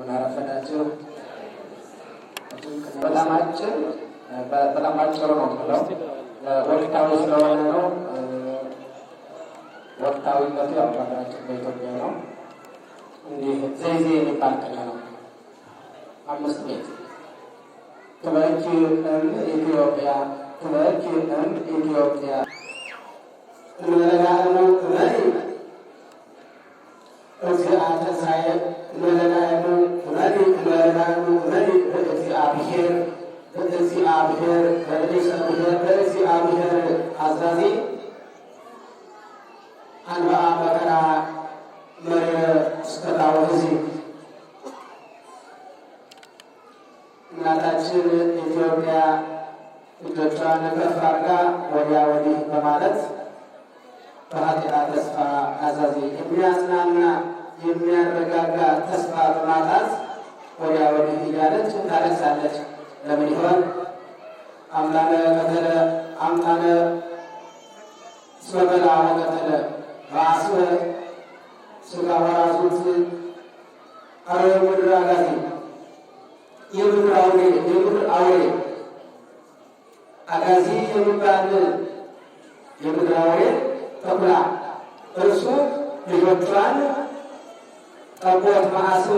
እንደምን አረፈዳችሁ። በጣም አጭር በጣም አጭር ነው ብለው ወቅታዊ ስለሆነ ነው። ወቅታዊነቱ ያው ሀገራችን በኢትዮጵያ ነው። እንዲህ ዘይዜ የሚባል ቅኔ ነው። አምስት ቤት ትበኪ እም ኢትዮጵያ ትበኪ እም ኢትዮጵያ እንበላ ነው ትበይ ከእግዚአብሔር ከእግዚአብሔር አዛዜ አንበአ መከራ መርየ እስከታወ ሕዝብ እናታችን ኢትዮጵያ እጆቿን ከፍ አድርጋ ወዲያ ወዲህ በማለት በኃጢአት ተስፋ አዛዜ የሚያጽናና የሚያረጋጋ ተስፋ በማጣት ወዲያ ወዲህ እያለች ታለቅሳለች። ለምን ይሆን? አምላነ ቀተለ አምላነ ስበላ ወቀተለ በአስበ ስጋ ወራሱት አረው ምድር አጋዚ የምድር አውሬ የምድር አውሬ አጋዚ የሚባል የምድር አውሬ ተኩላ እርሱ ልጆቿን ጠቦት ማአስበ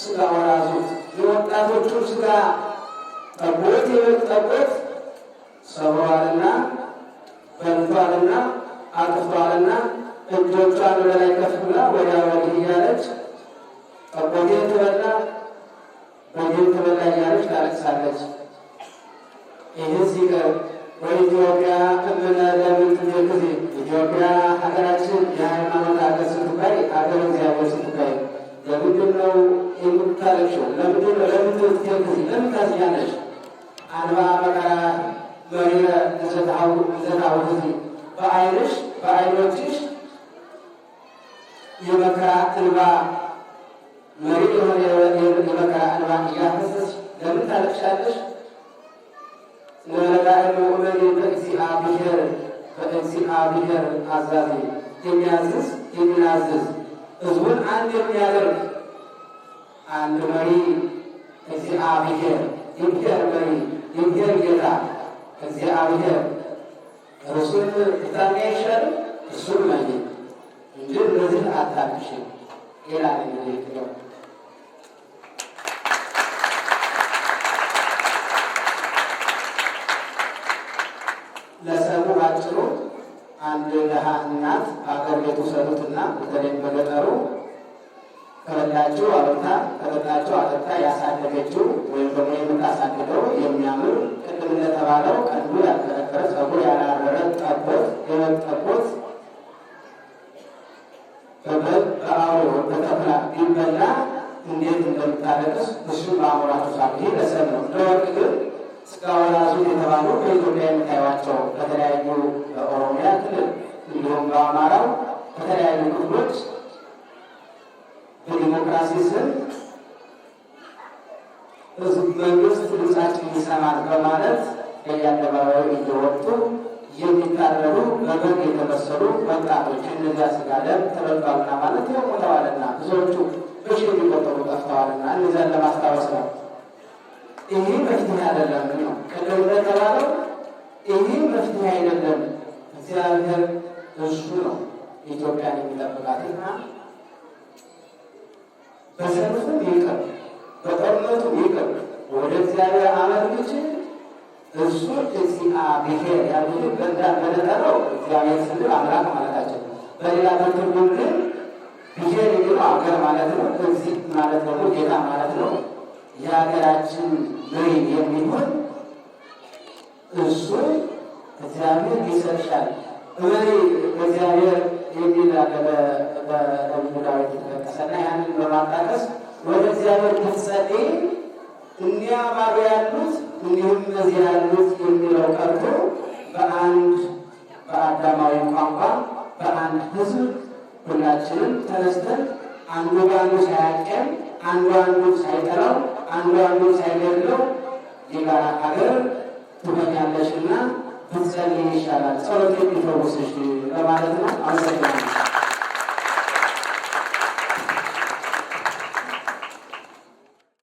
ስጋ ወራሱት የወጣቶቹ ስጋ ጠቦት የበግ ጠቦት ሰብሯልና በልቷልና አጥፍቷልና እጆቿን በላይ ከፍ ብላ ወዲያ ወዲህ እያለች ጠቦቴ ትበላ በጌን ትበላ እያለች ታለቅሳለች። ይህ ሲቀር ወደ በምድር ረምት ትገዝ ለምታስ ያነሽ መከራ መሪረ ዘታውዚ በዓይንሽ በዓይኖችሽ የመከራ እንባ መሪ የሆነ የመከራ እንባ እያፈሰስሽ ለምን ታለቅሻለሽ? ለመዳእም ወመኔ በእግዚአብሔር በእግዚአብሔር አዛዜ የሚያዝዝ የሚናዝዝ ሕዝቡን አንድ የሚያደርግ አንድ መሪ እግዚአብሔር ይብሔር መሪ ይብሔር ጌታ እግዚአብሔር እርሱን ብታኔ ይሻል እሱን መሪ እንጂ እነዚህን አታቅሽ ይላል ነው ለሰቡ ባጭሩ አንድ ድሃ እናት አገር ቤቱ ሰሩትና በተለይም በገጠሩ ተበላቸው አበርታ ተበላቸው አበርታ ያሳደገችው ወይም ደግሞ የምታሳድገው የሚያምር ቅድም እንደተባለው ቀንዱ ያልተነከረ ጸጉር ያላረረ ጠቦት የበግ ጠቦት በበግ በአውሮ በተኩላ ቢበላ እንዴት እንደምታለቅስ እሱ በአሞራቱ ሳል ይሄ ለሰብ ነው። ለወርቅ ግን ስጋውን የተባሉ በኢትዮጵያ የምታዩቸው በተለያዩ በኦሮሚያ ክልል እንዲሁም በአማራው በተለያዩ ክፍሎች በዲሞክራሲ ስም ህዝብ መንግስት ድምፃችን ይሰማል በማለት ከየአደባባዩ እየወጡ የሚታረዱ በበግ የተመሰሉ ወጣቶች እነዚያ ስጋ ደም ተበልቷልና ማለት ያው ሞተዋልና ብዙዎቹ በሺ የሚቆጠሩ ጠፍተዋልና እነዚያን ለማስታወስ ነው። ይህ መፍትሄ አይደለም ነው ቅድም እንደተባለው ይህ መፍትሄ አይደለም። እግዚአብሔር እሱ ነው ኢትዮጵያን የሚጠብቃትና በሰልፉ ይቅር፣ በጦርነቱ ይቅር፣ ወደ እግዚአብሔር አመልክቼ እሱን እግዚአብሔር ያሉት በዳ በነጠረው እግዚአብሔር ስንል አምላክ ማለታቸው በሌላ በትርጉም ግን ብሔር የሚለው አገር ማለት ነው። እዚህ ማለት ደግሞ ጌታ ማለት ነው። የሀገራችን መሪ የሚሆን እሱ እግዚአብሔር ይሰጥሻል። መሪ እግዚአብሔር የሚል አለ በደቡብ ዳዊት የተጠቀሰና ያንን በማጣቀስ ወደ እግዚአብሔር ብትጸልይ እኒያ ባዶ ያሉት እንዲሁም እዚህ ያሉት የሚለው ቀርቶ በአንድ በአዳማዊ ቋንቋ በአንድ ሕዝብ ሁላችንም ተነስተን አንዱ በአንዱ ሳያቀም አንዱ አንዱ ሳይጠላው አንዱ አንዱ ሳይገድለው የጋራ ሀገር ትሆኛለሽና ብትጸልይ ይሻላል፣ ጸሎት የሚፈውስሽ ለማለት ነው። አመሰግናለሁ።